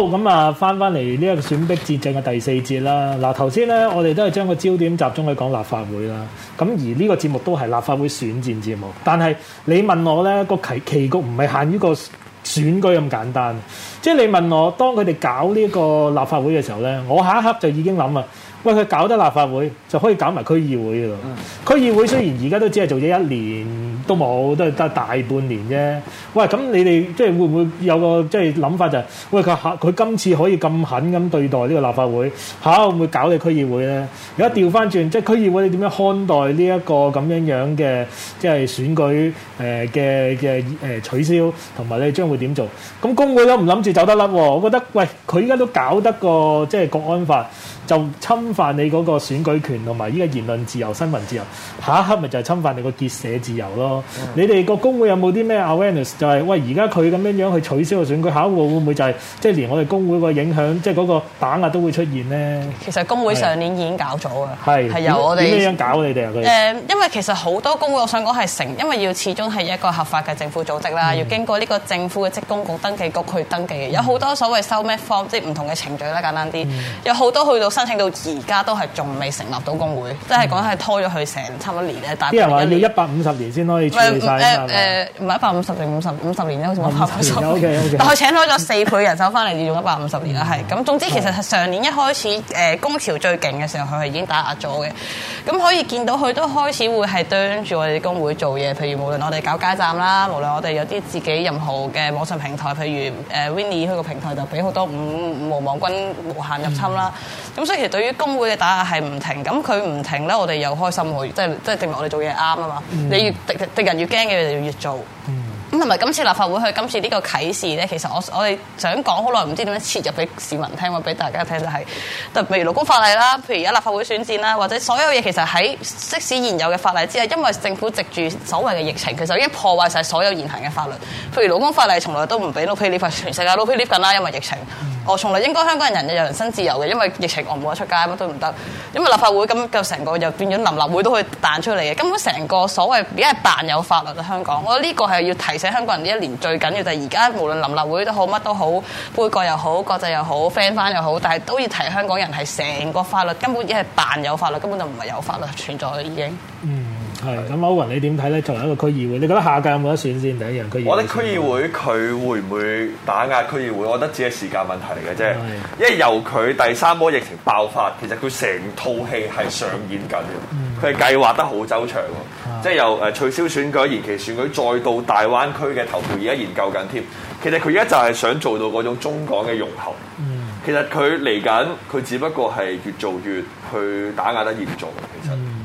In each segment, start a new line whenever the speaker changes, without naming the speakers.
好咁啊，返返嚟呢一個損兵折將嘅第四節啦。嗱，頭先咧，我哋都係將個焦點集中去講立法會啦。咁而呢個節目都係立法會選戰節目，但係你問我咧，呢個棋棋局唔係限於個選舉咁簡單。即係你問我，當佢哋搞呢個立法會嘅時候咧，我下一刻就已經諗啦。佢搞得立法會就可以搞埋區議會啊！區議會雖然而家都只係做咗一年都冇，都係得大半年啫。喂，咁你哋即係會唔會有個即係諗法就係、是，喂佢吓佢今次可以咁狠咁對待呢個立法會，吓會唔會搞你區議會咧？而家調翻轉，即係區議會你點樣看待呢一個咁樣樣嘅即係選舉誒嘅嘅誒取消，同埋你將會點做？咁工會都唔諗住走得甩喎，我覺得喂佢依家都搞得個即係國安法。就侵犯你嗰個選舉權同埋呢個言論自由、新聞自由，下一刻咪就係侵犯你個結社自由咯。嗯、你哋個工會有冇啲咩 Awareness？就係、是、喂，而家佢咁樣樣去取消個選舉考務，下一步會唔會就係即係連我哋工會個影響即係嗰個打壓都會出現咧？
其實工會上年已經搞咗啊，係係有我哋點樣搞你哋啊？誒、呃、因為其實好多工會我想講係成，因為要始終係一個合法嘅政府組織啦，嗯、要經過呢個政府嘅職工局登記局去登記嘅。嗯、有好多所謂收咩方，即係唔同嘅程序啦，簡單啲，嗯、有好多去到。申請到而家都係仲未成立到工會，即係講係拖咗佢成差唔多年咧。但係啲人話要一
百五十年先可以
處理，唔係一百五十定五十五十年咧，好似冇拍手。Okay, okay. 但係請開咗四倍人手翻嚟，要用一百五十年啦。係咁、嗯，總之其實係上年一開始誒、嗯、工潮最勁嘅時候，佢係已經打壓咗嘅。咁可以見到佢都開始會係對住我哋工會做嘢，譬如無論我哋搞街站啦，無論我哋有啲自己任何嘅網上平台，譬如誒、uh, Winnie 佢個平台就俾好多五五無網軍無限入侵啦。嗯咁所以其實對於工會嘅打壓係唔停，咁佢唔停咧，我哋又開心喎，即係即係證明我哋做嘢啱啊嘛！嗯、你越敵敵人越驚嘅，你就越做。咁同埋今次立法會，佢今次呢個啟示咧，其實我我哋想講好耐，唔知點樣切入俾市民聽，或俾大家聽就係、是，譬如勞工法例啦，譬如而家立法會選戰啦，或者所有嘢其實喺即使現有嘅法例之下，因為政府藉住所謂嘅疫情，其實已經破壞晒所有現行嘅法律。譬如勞工法例從來都唔俾，push 呢塊全世界都 push 緊啦，play, 因為疫情。嗯。我從來應該香港人人有人身自由嘅，因為疫情我冇得出街，乜都唔得。因為立法會咁就成個又變咗臨立會都可以彈出嚟嘅，根本成個所謂已經係扮有法律嘅香港。我呢個係要提醒香港人，呢一年最緊要就係而家無論臨立會都好，乜都好，杯葛又好，國際又好，friend 翻又好，但係都要提香港人係成個法律根本已經係扮有法律，根本就唔係有法律存在嘅已經。嗯。
係，咁歐云你點睇咧？作為一個區議會，你覺得下屆有冇得選先，第一樣區議會？我覺得區議會
佢會唔會打壓區議會？我覺得只係時間問題嚟嘅啫。是因為由佢第三波疫情爆發，其實佢成套戲係上演緊嘅。佢係、嗯、計劃得好周詳喎，啊、即係由誒取消選舉、延期選舉，再到大灣區嘅投票，而家研究緊添。其實佢而家就係想做到嗰種中港嘅融合。嗯、其實佢嚟緊，佢只不過係越做越去打壓得嚴重。其
實。嗯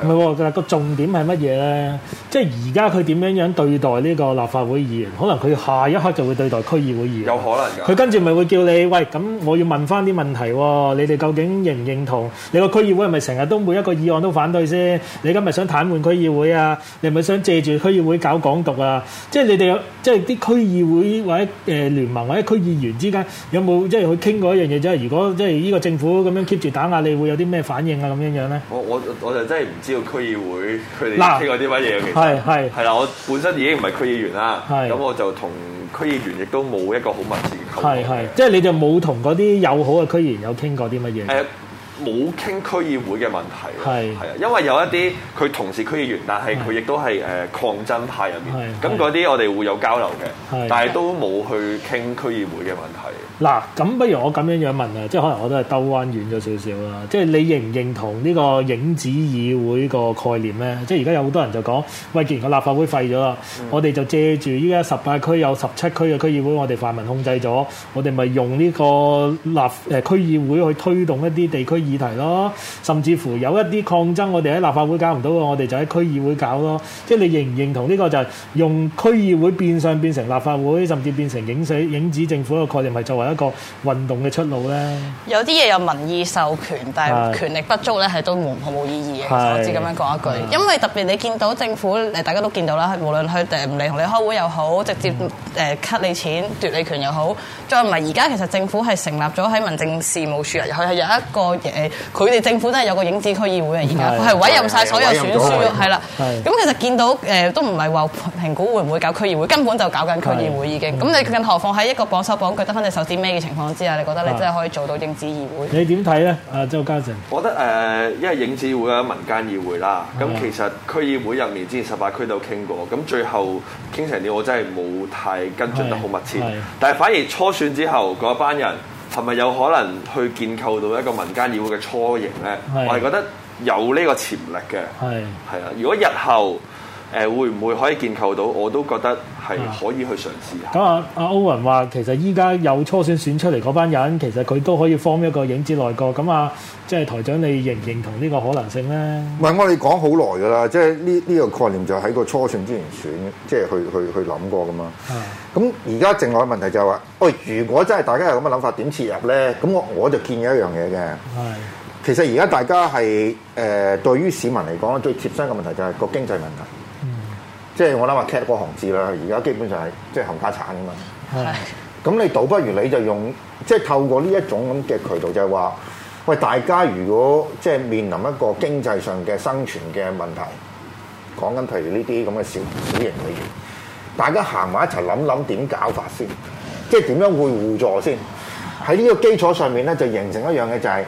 唔係喎，個、嗯、重點係乜嘢咧？即係而家佢點樣樣對待呢個立法會議員？可能佢下一刻就會對待區議會議員。有可能㗎。佢跟住咪會叫你喂，咁我要問翻啲問題喎。你哋究竟認唔認同？你個區議會係咪成日都每一個議案都反對先？你今日想癱瘓區議會啊？你係咪想借住區議會搞港獨啊？即係你哋有即係啲區議會或者誒、呃、聯盟或者區議員之間有冇即係去傾過一樣嘢？即係如果即係呢個政府咁樣 keep 住打壓，你會有啲咩反應啊？咁樣樣咧？
我我我就真係唔知。呢個區議會佢哋傾過啲乜嘢？其實係係係啦，我本身已經唔係區議員啦，係咁是我就同區議員亦都冇一個好密切嘅溝通。
係係，即係你就冇同嗰啲友好嘅區議員有傾過啲乜嘢？呃
冇傾區議會嘅問題，係啊的，因為有一啲佢同時區議員，但係佢亦都係誒抗爭派入面，咁嗰啲我哋會有交流嘅，的但係都冇去傾區議會
嘅問題。嗱，咁不如我咁樣樣問啊，即係可能我都係兜彎遠咗少少啦。即係你認唔認同呢個影子議會個概念咧？即係而家有好多人就講，喂，既然個立法會廢咗啦，嗯、我哋就借住依家十八區有十七區嘅區議會我，我哋泛民控制咗，我哋咪用呢個立誒區議會去推動一啲地區議議題咯，甚至乎有一啲抗爭，我哋喺立法會搞唔到，我哋就喺區議會搞咯。即係你認唔認同呢個就係用區議會變相變成立法會，甚至變成影死影子政府嘅概念，係作為一個運動嘅出路咧？
有啲嘢有民意授權，但係權力不足咧，係都毫毫無意義嘅。是我只咁樣講一句，是因為特別你見到政府大家都見到啦，無論佢誒唔理同你開會又好，直接誒 cut 你錢、嗯、奪你權又好，再唔係而家其實政府係成立咗喺民政事務處入，佢係有一個。誒，佢哋政府都係有個影子區議會啊！而家係委任晒所有選書，係啦。咁其實見到誒都唔係話評估會唔會搞區議會，根本就搞緊區議會已經。咁你更何況喺一個榜首榜腳得翻隻手指尾嘅情況之下，你覺得你真係可以做到影子議會？
你點睇咧，阿鄒家成？
我覺得誒，因為影子會啦、民間議會啦，咁其實區議會入面之前十八區都有傾過，咁最後傾成點，我真係冇太跟進得好密切。但係反而初選之後嗰班人，係咪有可能去建構到一個民間議會嘅雛形呢？是的 我係覺得有呢個潛力嘅，係啊。如果日後，誒會唔會可以建構到？我都覺得係可以去嘗試
下、嗯。咁、嗯、啊，阿、嗯、歐文話其實依家有初選選出嚟嗰班人，其實佢都可以 form 一個影子內閣。咁啊，即係台長，你認唔認同呢個可能性咧？
唔係，我哋講好耐㗎啦，即係呢呢個概念就喺個初選之前選，即係去去去諗過㗎嘛。啊、嗯！咁而家剩落嘅問題就係、是、話，喂、哦，如果真係大家有咁嘅諗法，點切入咧？咁我我就建議一樣嘢嘅。係、嗯。嗯、其實而家大家係誒對於市民嚟講，最貼身嘅問題就係個經濟問題。即係我諗話 Cat 嗰個行字啦，而家基本上係即係冚家鏟咁嘛。係咁，你倒不如你就用即係透過呢一種咁嘅渠道，就係話：喂，大家如果即係面臨一個經濟上嘅生存嘅問題，講緊譬如呢啲咁嘅小小型企業，大家行埋一齊諗諗點搞法先，即係點樣會互助先？喺呢個基礎上面咧，就形成一樣嘅就係、是，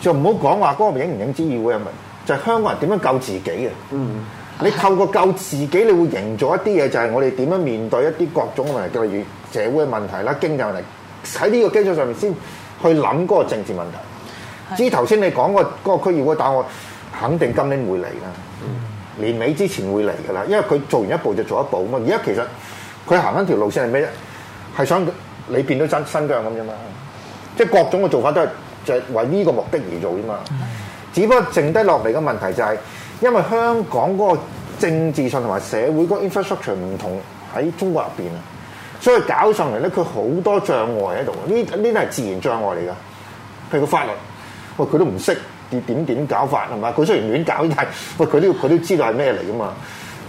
就唔好講話嗰個影唔影之要唔問，就係、香港人點樣救自己啊！嗯。你透過教自己，你會營造一啲嘢，就係、是、我哋點樣面對一啲各種嘅問題，例如社會嘅問題啦、經濟問題。喺呢個基礎上面先去諗嗰個政治問題。至於頭先你講個嗰個區議會答案，肯定今年會嚟啦。年尾、嗯、之前會嚟噶啦，因為佢做完一步就做一步。咁啊，而家其實佢行緊條路線係咩咧？係想你變到真新疆咁啫嘛。即係各種嘅做法都係為呢個目的而做啫嘛。只不過剩低落嚟嘅問題就係、是。因為香港嗰個政治上同埋社會嗰 infrastructure 唔同喺中國入邊啊，所以搞上嚟咧，佢好多障礙喺度。呢呢啲係自然障礙嚟噶。譬如個法律，喂佢都唔識點點點搞法係嘛？佢雖然亂搞，但係喂佢都佢都知道係咩嚟噶嘛。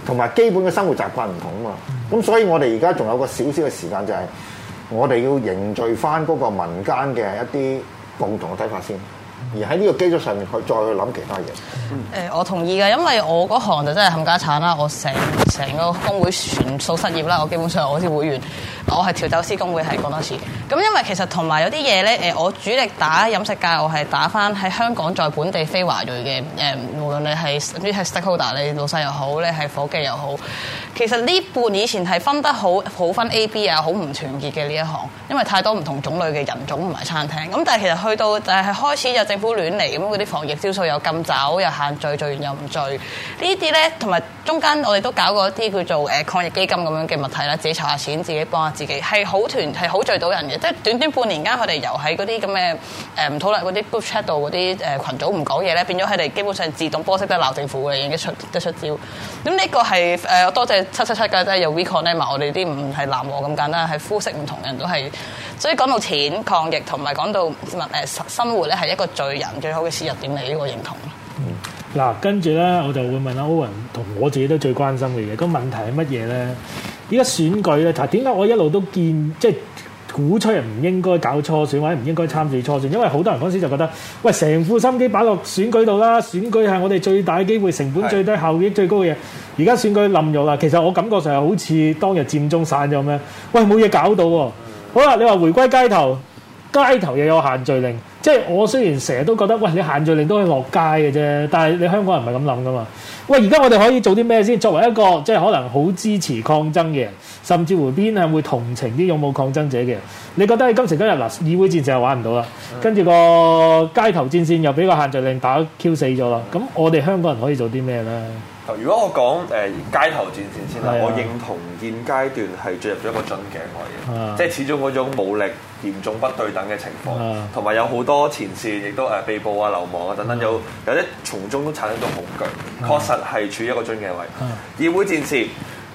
同埋基本嘅生活習慣唔同啊嘛。咁所以我哋而家仲有個少少嘅時間，就係我哋要凝聚翻嗰個民間嘅一啲共同嘅睇法先。而喺呢個基礎上面去再去諗其他嘢。
誒，我同意嘅，因為我嗰行就真係冚家產啦，我成成個工會全數失業啦，我基本上我啲會員。我係調酒師工會，係講多次，咁因為其實同埋有啲嘢咧，誒我主力打飲食界，我係打返喺香港在本地非華裔嘅誒，無論你係啲係 stakeholder 你老細又好，你係夥計又好，其實呢半以前係分得好，好分 A B 啊，好唔團結嘅呢一行，因為太多唔同種類嘅人種同埋餐廳，咁但係其實去到就係開始有政府亂嚟咁，嗰啲防疫招數又禁酒，又限聚，聚完又唔聚，呢啲咧同埋中間我哋都搞過一啲叫做誒抗疫基金咁樣嘅物體啦，自己湊下錢，自己幫自己係好團係好聚到人嘅，即係短短半年間，佢哋由喺嗰啲咁嘅誒唔討論嗰啲 group chat 度嗰啲誒群組唔講嘢咧，變咗佢哋基本上自動波式都鬧政府嘅，已經出一出，出招。咁呢個係誒、呃、多謝七七七嘅，即係有 record 埋我哋啲唔係南和咁簡單，係膚色唔同人都係。所以講到錢抗疫同埋講到物誒、呃、生活咧，係一個罪人最好嘅切入點嚟，呢、呢個認同。
嗱，跟住咧，我就會問啦，歐文同我自己都最關心嘅嘢。個問題係乜嘢咧？而家選舉咧，就點解我一路都見即係鼓吹人唔應該搞初選或者唔應該參選初選？因為好多人嗰時就覺得，喂，成副心機擺落選舉度啦，選舉係我哋最大嘅機會，成本最低，效益最高嘅嘢。而家是選舉冧咗啦，其實我感覺上係好似當日佔中散咗咩？喂，冇嘢搞到，哦。好啦，你話回歸街頭，街頭又有限聚令。即係我雖然成日都覺得，喂，你限聚令都可以落街嘅啫，但係你香港人唔係咁諗㗎嘛。喂，而家我哋可以做啲咩先？作為一個即係可能好支持抗爭嘅人，甚至乎邊係會同情啲勇武抗爭者嘅人？你覺得喺今時今日，嗱議會戰線又玩唔到啦，跟住、嗯、個街頭戰線又俾個限聚令打 Q 死咗啦。咁、嗯、我哋香港人可以做啲咩咧？
如果我講誒、呃、街頭戰線先啦，啊、我認同現階段係進入咗一個樽頸位，啊、即係始終嗰種武力嚴重不對等嘅情況，同埋、啊、有好多前線亦都誒被捕啊、流亡啊等等，有有啲從中都產生咗恐懼，是確實。係處於一個樽頸位，議會戰士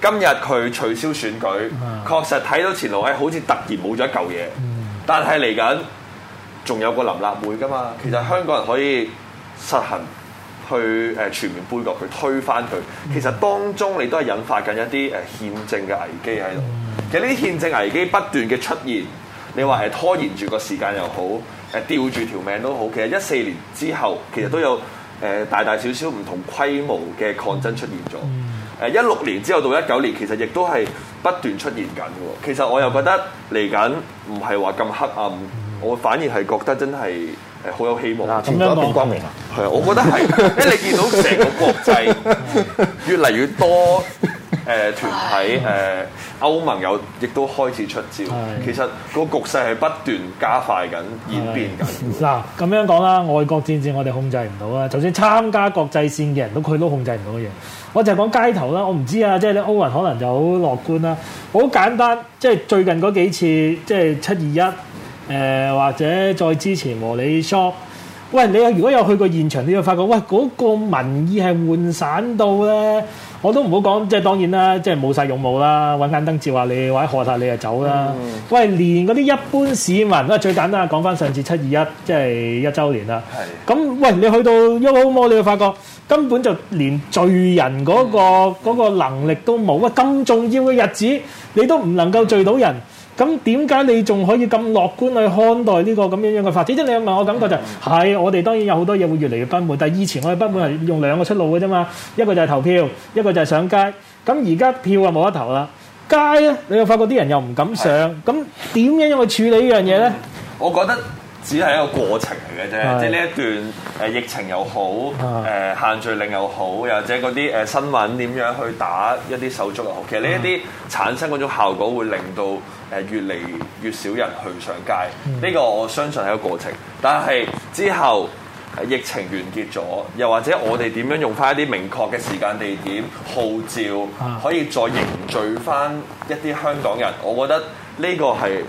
今日佢取消選舉，確實睇到前路位、哎、好似突然冇咗一嚿嘢，但係嚟緊仲有個臨立會噶嘛。其實香港人可以實行去誒全面杯葛去、推翻佢，其實當中你都係引發緊一啲誒憲政嘅危機喺度。其實呢啲憲政危機不斷嘅出現，你話係拖延住個時間又好，誒吊住條命都好。其實一四年之後，其實都有。誒大大小小唔同規模嘅抗爭出現咗。誒一六年之後到一九年，其實亦都係不斷出現緊嘅。其實我又覺得嚟緊唔係話咁黑暗，我反而係覺得真係誒好有希望了，前途光明。係啊，我覺得係，因為 你見到成個國際越嚟越多。誒、呃、團體誒、呃、歐盟有亦都開始出招，的其實個局勢係不斷加快緊演變緊。
嗱咁樣講啦，外國戰線我哋控制唔到啦，就算參加國際線嘅人都佢都控制唔到嘅嘢。我就係講街頭啦，我唔知啊，即係你歐文可能就好樂觀啦、啊。好簡單，即、就、係、是、最近嗰幾次，即係七二一誒，或者再之前和你 shop，喂你如果有去過現場，你就發覺喂嗰、那個民意係渙散到咧。我都唔好講，即係當然啦，即係冇晒勇武啦，揾間燈照下、啊、你，或者喝下你就走啦、啊。嗯、喂，連嗰啲一般市民都最簡單。講翻上次七二一，即係一週年啦。咁，喂，你去到 YOHO Mall，你又發覺根本就連聚人嗰、嗰個嗯、個能力都冇啊！咁重要嘅日子，你都唔能夠聚到人。咁點解你仲可以咁樂觀去看待呢個咁樣樣嘅發展？即、就、係、是、你問我感覺就係、是嗯、我哋當然有好多嘢會越嚟越不滿，但係以前我哋不滿係用兩個出路嘅啫嘛，一個就係投票，一個就係上街。咁而家票啊冇得投啦，街咧你又發覺啲人又唔敢上，咁點是的 樣去處理呢樣嘢咧？
我覺得只係一個過程嚟嘅啫，是的 即係呢一段誒疫情又好，誒是的、呃、限聚令又好，又或者嗰啲誒新聞點樣去打一啲手足又好，其實呢一啲產生嗰種效果會令到。係越嚟越少人去上街，呢個我相信係個過程。但係之後疫情完結咗，又或者我哋點樣用翻一啲明確嘅時間地點號召，可以再凝聚翻一啲香港人，我覺得呢個係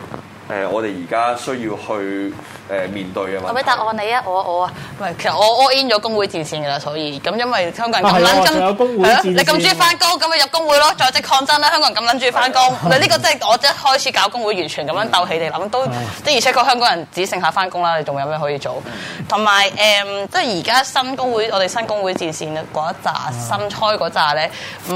誒我哋而家需要去。誒，面對啊！我俾答
案你啊！我我啊，唔係，其實我我 all in 咗工會戰線㗎啦，所以咁因為香港人咁諗，咁有工會戰線，你咁中意翻工，咁咪入工會咯，再即抗爭啦！香港人咁諗住翻工，咪呢 個即係我一開始搞工會，完全咁樣鬥氣地諗，都的而且確香港人只剩下翻工啦，你仲有咩可以做？同埋誒，即係而家新工會，我哋新工會戰線嗰一紮新開嗰紮咧，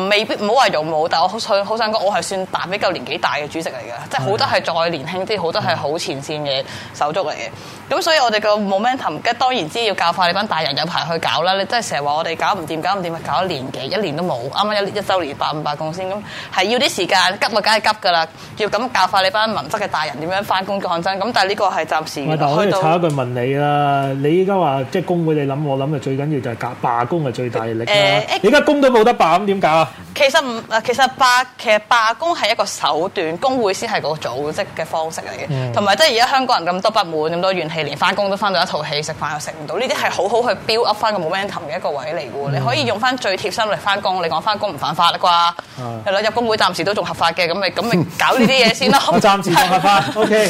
未必唔好話用武，但我好想好想講，我係算大比較年紀大嘅主席嚟㗎，即係好多係再年輕，啲，好多係好前線嘅手足嚟嘅。咁所以我哋個 momentum，梗係當然知要教化你班大人有排去搞啦。你真係成日話我哋搞唔掂，搞唔掂，搞一年幾，一年都冇。啱啱一週年八五罷工先，咁係要啲時間。急啊，梗係急噶啦，要咁教化你班文職嘅大人點樣翻工講真。咁但係呢個係暫時。唔係，我都要插一句
問你啊。你依家話即係工會你諗，我諗啊最緊要就係罷罷工係最大力。誒，你而家工都冇得罷，咁點搞
啊？其實唔，其實罷，其實罷工係一個手段，工會先係個組織嘅方式嚟嘅。嗯。同埋即係而家香港人咁多不滿，咁多。元氣連翻工都翻到一套戲，食飯又食唔到，呢啲係好好去 build up 翻個 momentum 嘅一個位嚟嘅喎。你可以用翻最貼身嚟翻工，你講翻工唔犯法啦啩？係啦，入工會暫時都仲合法嘅，咁咪咁咪搞呢啲嘢先啦。暫時仲合法，OK？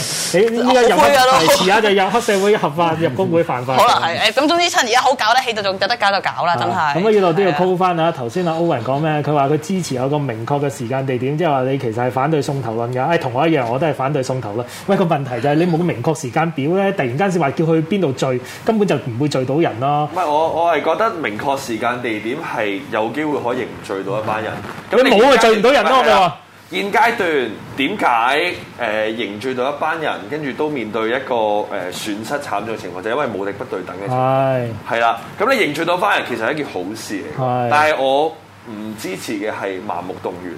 你依家入去遲下就有黑社會合法，入工會犯法。好啦，係
誒，咁總之趁而家好搞咧，喺度仲有得搞就搞啦，等
下。咁要 call 翻啊！頭先阿歐文講咩？佢話佢支持有個明確嘅時間地點，即係話你其實係反對送頭論㗎。誒，同我一樣，我都係反對送頭論。喂，個問題就係你冇明確時間表咧。突然間先話叫佢去邊度聚，根本就唔會聚到人咯。
唔係，我，我係覺得明確時間地點係有機會可凝聚到一班人。咁你冇就聚唔到人咯，我咪現階段點解，誒凝聚到一班人，跟住都面對一個誒損失慘重嘅情況，就係、是、因為武力不對等嘅情況。係係啦，咁、啊、你凝聚到翻人其實係一件好事嚟。是但係我。唔支持嘅係盲目動員，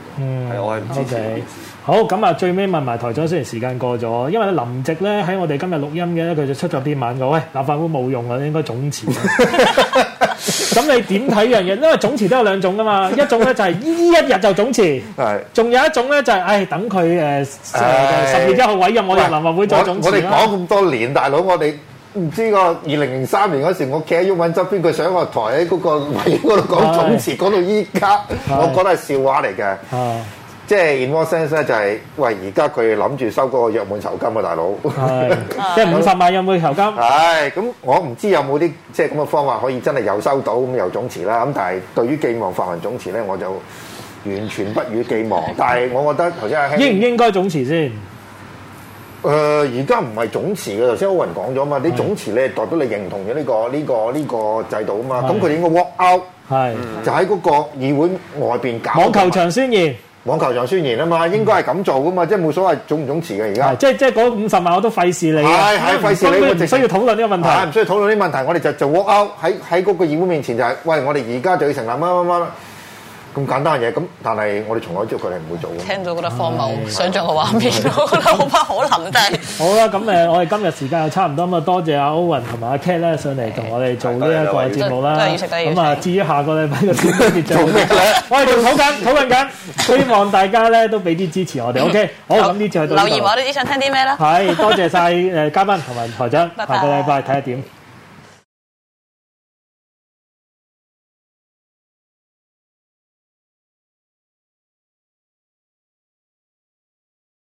係、
嗯、我係唔支持。Okay. 好咁啊，最尾問埋台長，雖然時間過咗，因為林夕咧喺我哋今日錄音嘅咧，佢就出咗啲文講，喂立法會冇用啊，應該總辭。咁 你點睇樣嘢？因為總辭都有兩種噶嘛，一種咧就係依一日就總辭，係，仲有一種咧就係、是，唉、哎，等佢誒十月一號委任我哋立法會再總辭。我哋講咁
多年，大佬我哋。唔知個二零零三年嗰時，我企喺毓民側邊，佢上個台喺嗰個位嗰度講總辭，講的到依家，的我覺得係笑話嚟嘅。的即係 in what sense 咧，就係喂，而家佢諗住收嗰個約滿酬金啊，大佬，即係五十萬約滿酬金。係咁，我唔知有冇啲即係咁嘅方法可以真係又收到咁又總辭啦。咁但係對於寄望泛民總辭咧，我就完全不予寄望。但係我覺得頭先阿應唔
應該總辭先？
誒而家唔係總辭嘅，頭先奧運講咗嘛？是你總辭你係代表你認同咗呢個呢個呢個制度啊嘛？咁佢是應該 walk out，係是、嗯、就喺嗰個議會外邊搞網球場宣言，網球場宣言啊嘛，應該係咁做噶嘛，即係冇所謂總唔總辭嘅而家。即即嗰五十萬我都費事你，係係費事你，唔需要討論呢個問題，唔需要討論呢個問題，我哋就就 walk out，喺喺嗰個議會面前就係、是，喂，我哋而家就要成立乜乜乜。咁簡單嘅嘢，咁但係我哋從來知道佢哋唔會做。聽到覺
得荒謬，想象嘅畫面，我
覺得好不可能，但好啦。咁誒，我哋今日時間又差唔多，咁啊，多謝阿 Owen 同埋阿 Kate 咧上嚟同我哋做呢一個節目啦。咁啊，至於下個禮拜嘅節目，咁啊，我哋討論緊，討論緊，希望大家咧都俾啲支持我哋。OK，好咁呢次留言，我哋想聽
啲咩咧？係多謝
晒，誒嘉賓同埋台長。下個禮拜睇下點。